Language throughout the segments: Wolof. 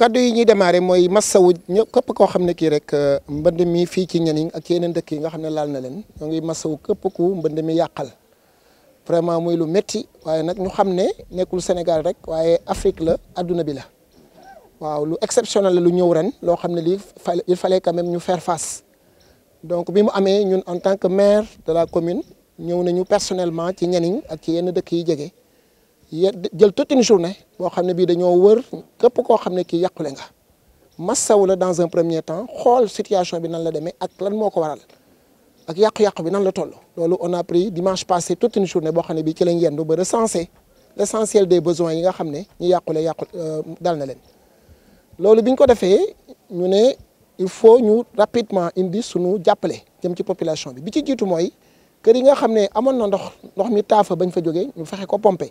kaddu yi ñi démarré moy masawu ñepp képp koo xam ne rek euh, mbënd mi fi ci Nianing ak yeneen dëkk yi nga xam ne laal na leen ñoo ngi masawu képp ku mbënd mi yàqal vraiment moy lu metti waye nak ñu xam nekul nekkul Sénégal rek waye Afrique la aduna bi la waaw lu exceptionnel la lu ñëw ren loo xam ne il fallait quand même ñu faire face donc bi mu amee ñun en tant que maire de la commune ñëw nañu personnellement ci Nianing ak ci yenn dëkk yi jege jël toute une journée bo xamné bi bii dañoo wër kep ko xamné ki kii nga massawu la dans un premier temps xol situation bi nan la démé ak lan moko waral ak yàqu-yàqu bi nan la tollu loolu on a pris dimanche passé toute une journée bo xamné bi ci lañ yendu ba recenser l' essentiel des besoins yi nga xamné ne ñu yàqule yàqu euh, dal na len loolu biñ ko défé ñu né il faut ñu rapidement indi suñu jappelé jëm ci population bi bi ci jitu moy kër yi nga xamné amon na ndox ndox mi tafa bañ fa joggé ñu fexe ko pomper.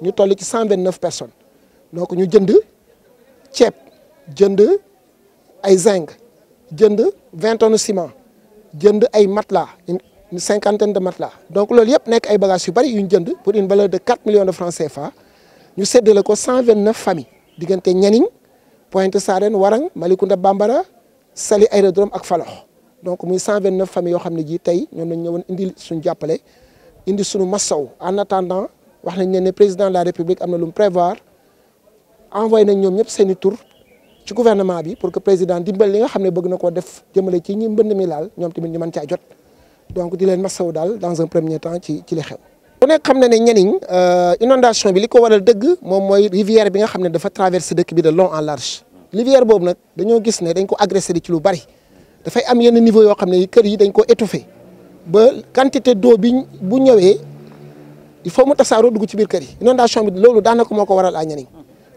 nous avons 129 personnes. Donc nous avons des tchèpes, des zinc, 20 tonnes de ciment, des matelas, une cinquantaine de matelas. Donc nous avons des bagages super, nous avons pour une valeur de 4 millions de francs CFA. Nous avons 129 familles. Nous avons des Pointe-Saren, Warang, Malikunda Bambara, Sali Aérodrome et Falor. Donc, 129 familles qui ont été en train de se faire. Nous avons été En attendant, wax nañ ne président de la république amna lu prévoir envoyé nañ ñom ñep seen tour ci gouvernement bi pour que président dimbal li nga xamné ne bëgg def jëmele ci ñi mbënd mi laal ñoom tamit ñu mën caa jot donc di leen masawu dal dans un premier temps ci ci li xew. ku nekk xam na ne ñeniñ euh, inondation bi liko ko waral dëgg mom moy rivière bi nga xamné dafa traversé dëkk bi de long en large rivière boobu nak dañu gis né dañ ko agressé ci lu bari fay am yenn niveau yo xamné kër yi dañ ko étouffé ba quantité d'eau bi bu ñëwee. il faut mu tasaaroo dugg ci biir kër yi inondation bi loolu daanaka moo ko waral à Nianing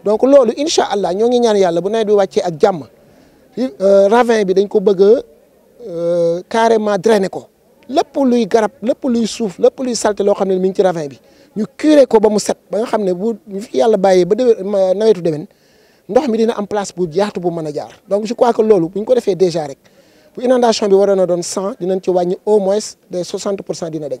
donc loolu ñoo ngi ñaan yàlla bu nawet bi wàccee ak jàmm euh, ravin bi dañ ko bëgg a euh, carrément drainer ko lépp luy garab lépp luy suuf lépp luy salte loo xam ne mi ngi ci ravin bi ñu curé ko ba mu set ba nga xam ne bu ñu yàlla bàyyee ba déwén nawetu demen ndox mi dina am place bu yaatu bu mën a jaar donc je crois que loolu bu ko defee déjà rek bu bi waroon a doon cent dinañ ci wàññi au moins de soixante pour cent dina dañ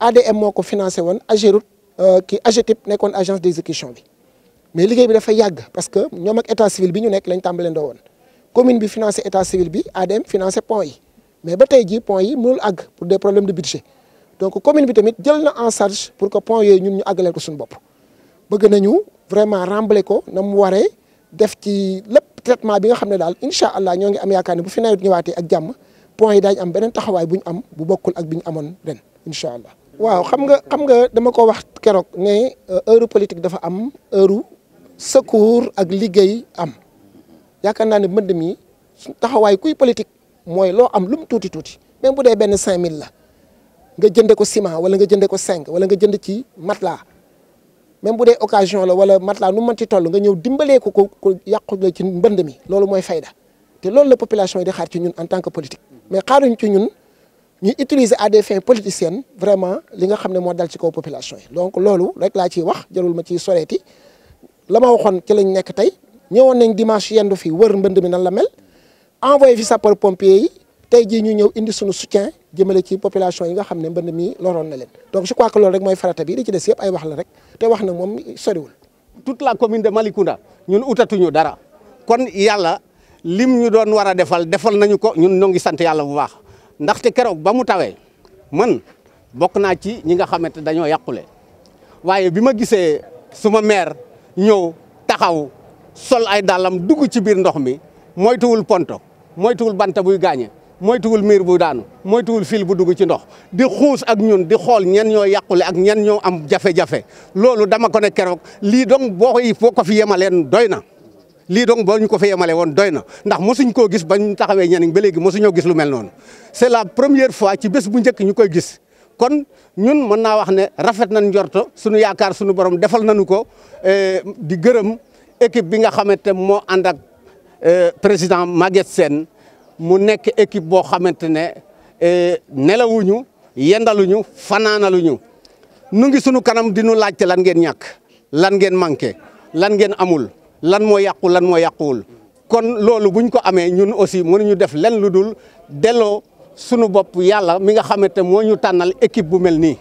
ADM moko ko won woon euh, qui AGETIP nekkoon agence d'exécution bi mais liguey bi dafa yag parce que ñom ak état civil bi ñu nek lañ tambalé ndoo woon commune bi financé état civil bi ADM financé point yi mais ba tay ji point yi mënul ag pour des problèmes de budget donc commune bi tamit jël na en charge pour que point yi ñun ñu agalé ko suñu bop bëgg nañu vraiment rembler ko nam waré def ci lépp traitement bi nga xamné dal. inshallah allah ñoo ngi am yaakaar ne bu fi nawet ñëwaatee ak jamm point yi dañ am benen taxaway bu ñu am bu bokul ak bi amone den inshallah allah waaw xam nga xam nga dama ko wax keroog ne euh, heure politique dafa am heure secours ak liggéey am yaakaar naa ne mbënd mi taxawaay kuy politique mooy loo am lu tuuti tuuti même bu dee benn mille la nga jënde ko ciment wala nga jënde ko 5 wala nga jënd ci matelas même bu dee occasion la wala matelas nu mën ci toll nga ñëw dimbalee ko ko ko yàqu la ci mbënd mi loolu mooy fayda te loolu la population yi di xaar ci ñun en tant que politique mais xaaruñ ci ñun. Nous utilisons à des fins politiciennes vraiment li nga xamné mo dal population donc lolu rek la qui wax jarul ma ci soreeti la ma ci lañ nekk tay nañ dimanche yendu fi wër mbënd mi nan la mel sapeur pompier ñu indi soutien jëmele ci population yi nga mbënd mi donc je crois que lolu rek moy farata bi li ci des yépp ay wax la rek toute la commune de nous ñun outatuñu dara kon yalla lim ñu doon a defal nañu ko ñun ñongi bu baax. ndaxte keroog ba mu tawee man bokk naa ci ñi nga xamante dañoo yàqule waaye bi ma gisee suma maire ñëw taxaw sol ay dàllam dugg ci biir ndox mi moytuwul ponto moytuwul banta buy gaañe moytuwul miir bu daanu moytuwul fil bu dugg ci ndox di xuus ak ñun di xool ñen ñoo yàqule ak ñen ñoo am jafe-jafe loolu dama ko ne keroog lii donc boo ko boo ko fi yemaleen doy na lii donc boo ñu ko fa yemale woon doy na ndax mosuñ koo gis bañ taxawee ñeneen ba léegi mosuñoo gis lu mel noonu c'est la première fois ci bés bu njëkk ñu koy gis kon ñun mën naa wax ne rafet nañ njorto suñu yaakaar suñu borom defal nañu ko eh, di gërëm équipe bi nga xamante moo ànd ak eh, président Maguette Sène mu nekk équipe boo xamante ne eh, ñu yendaluñu fanaanaluñu nu ngi suñu kanam di nu laajte lan ngeen ñàkk lan ngeen manqué lan ngeen amul lan moo yàqu lan moo yàquwul kon loolu buñ ko amee ñun aussi mënuñu def lenn lu dul delloo sunu bopp yàlla mi nga xamante moo ñu tànnal équipe bu mel nii